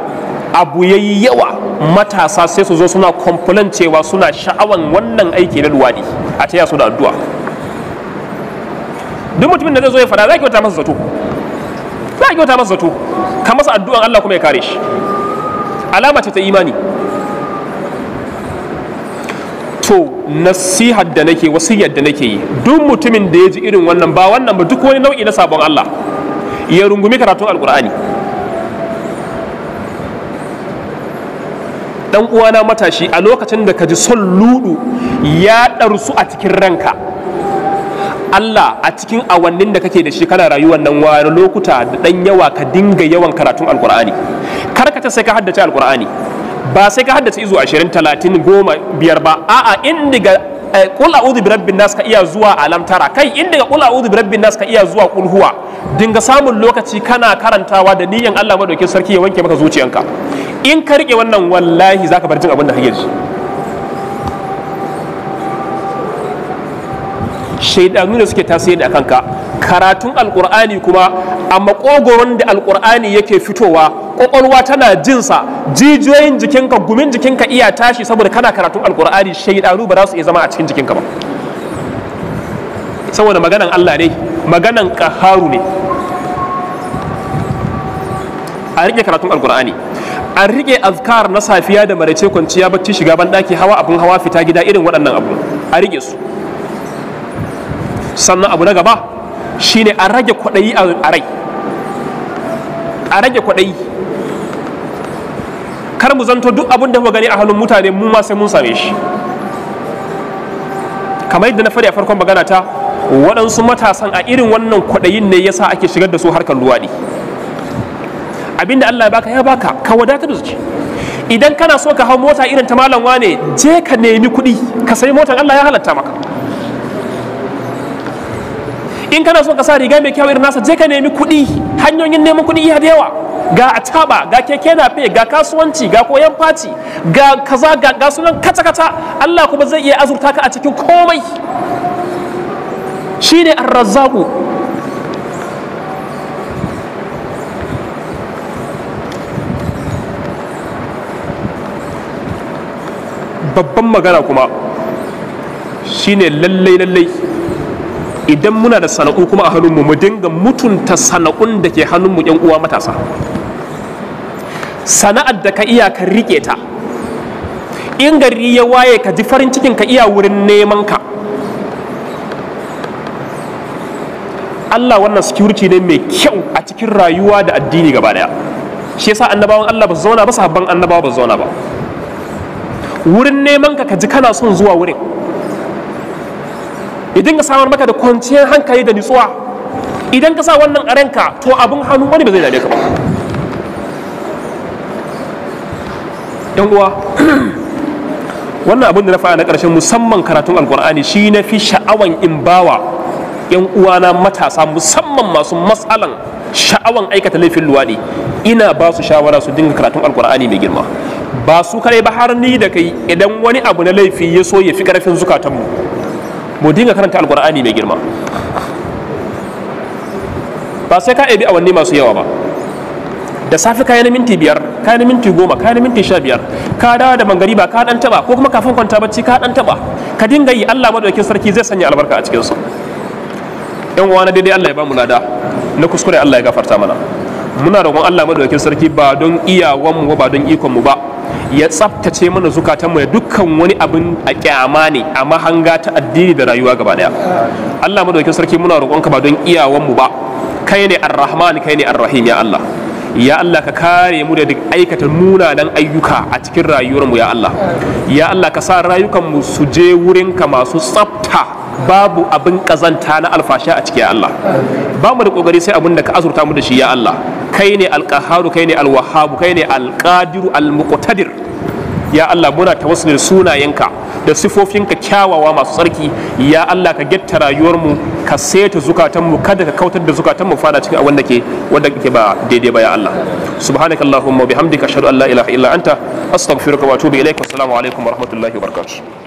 Speaker 1: abu ya yi yawa matasa sai su zo suna komplain cewa suna sha'awan wannan aiki na luwaɗi a taya su da addu'a duk mutumin da zai zo ya fada za ki wata masa zato za a kyauta masa zato ka masa addu'an Allah kuma ya kare shi alama ce ta imani to nasihar da nake wasu yadda nake yi duk mutumin da ya ji irin wannan ba wannan ba duk wani nau'i na sabon Allah ya rungumi karatun alkur'ani dan uwana matashi a lokacin da ka ji son ludu ya ɗarsu a cikin ranka Allah a cikin awannin da kake da shi kana rayuwar nan wani lokuta da dan yawa ka dinga yawan karatun alkur'ani karkata sai ka haddace alkur'ani ba sai ka haddace izo 20 30 10 biyar ba a'a indiga daga eh, kul a'udhu birabbin nas ka iya zuwa alam tara kai in daga kul a'udhu birabbin nas ka iya zuwa kul huwa dinga samun lokaci kana karantawa da niyan Allah madaukin sarki ya wanke maka zuciyanka in ka rike wannan wallahi zaka bar jin abin da kake ji shaidanu da suke tasiri a kanka karatun alkur'ani kuma a makogoron da alkur'ani yake fitowa kwakwalwa tana jinsa jijiyoyin jikinka gumin jikinka iya tashi saboda kana karatun alkur'ani shaidanu ba za su iya zama a cikin jikinka ba saboda maganan allah ne maganan kaharu ne a rike karatun alkur'ani an rike azkar na safiya da maraice kwanciya bacci shiga ban daki hawa abun hawa fita gida irin waɗannan abu a rike su sannan abu na gaba shine a rage kwaɗayi a rai a rage kwaɗayi kar mu zanto duk abin da gani a hannun mutane mu ma mun same shi kamar yadda na faɗi a farkon magana ta waɗansu matasan a irin wannan kwaɗayin ne yasa ake shigar da su harkar luwaɗi abinda Allah ya baka ya baka ka wadata da zuci idan kana so ka hau mota irin ta malam ne je ka nemi kuɗi ka sayi motar Allah ya halatta maka in kana so ka riga mai kyau irin nasa je ka nemi kuɗi hanyoyin neman kuɗi iya da yawa ga ataba ga keke nafe ga kasuwanci ga koyan fati, ga kaza ga, sunan kata kata Allah kuma zai iya azurta ka a cikin komai shine ar-razzaqu babban magana kuma shine lallai lallai idan muna da sana'u kuma a hannunmu mu dinga mutunta sana'un da ke hannunmu yan uwa matasa sana'ar da ka iya ka rike ta in gari ya waye ka ji farin cikin ka iya wurin neman ka Allah wannan security ne mai kyau a cikin rayuwa da addini gaba daya shi yasa annabawan Allah ba su zauna ba sahabban annabawa ba su zauna ba wurin neman ka ka ji kana son zuwa wurin idan dinga samar maka da kwanciyar hankali da nutsuwa idan ka sa wannan a ranka to abin hannu wani ba zai dame ka ba yan uwa wannan abin da na faɗa na ƙarshen musamman karatun alkur'ani shi na fi sha'awan in bawa yan uwana matasa musamman masu matsalan sha'awan aikata laifin luwaɗi ina ba su shawara su dinga karatun alkur'ani mai girma ba su kare ba har ni da kai idan wani abu na laifi ya so ya fi ƙarfin zukatanmu mu dinga karanta alkur'ani mai girma ba sai ka ebi awanni masu yawa ba da safe kayan minti biyar kayan minti goma kayan minti sha biyar ka dawo da ba ka dan taba ko kuma kafin kwanta bacci ka dan taba ka dinga yi Allah madaukakin sarki zai sanya albarka a cikin su yan uwa na daidai Allah ya ba mu lada na kuskure Allah ya gafarta mana muna roƙon Allah madaukakin sarki ba don iyawan mu ba don ikon mu ba ya tsaftace mana zukatan ya dukkan wani abin a kyama ne a mahanga ta addini da rayuwa gaba daya Allah madaukakin sarki muna roƙon ka ba don iyawan mu ba kai ne arrahman kai ne arrahim ya Allah ya Allah ka kare mu da duk aikata munanan ayyuka a cikin rayuwarmu ya Allah ya Allah ka sa rayukanmu su je wurin ka masu tsafta babu abin kazanta na alfasha a cikin Allah ba mu da kokari sai abin da ka azurta mu da shi ya Allah kai ne alqaharu kai ne alwahabu kai ne alqadiru almuqtadir ya Allah muna tawassul sunayenka da sifofinka kyawawa masu tsarki ya Allah ka getta rayuwarmu ka saita zukatanmu kada ka kautar da zukatanmu fada cikin abin da ke wanda ke ba daidai ba ya Allah subhanaka allahumma bihamdika ashhadu an la ilaha illa anta astaghfiruka wa atubu ilaik wa assalamu alaikum wa rahmatullahi wa barakatuh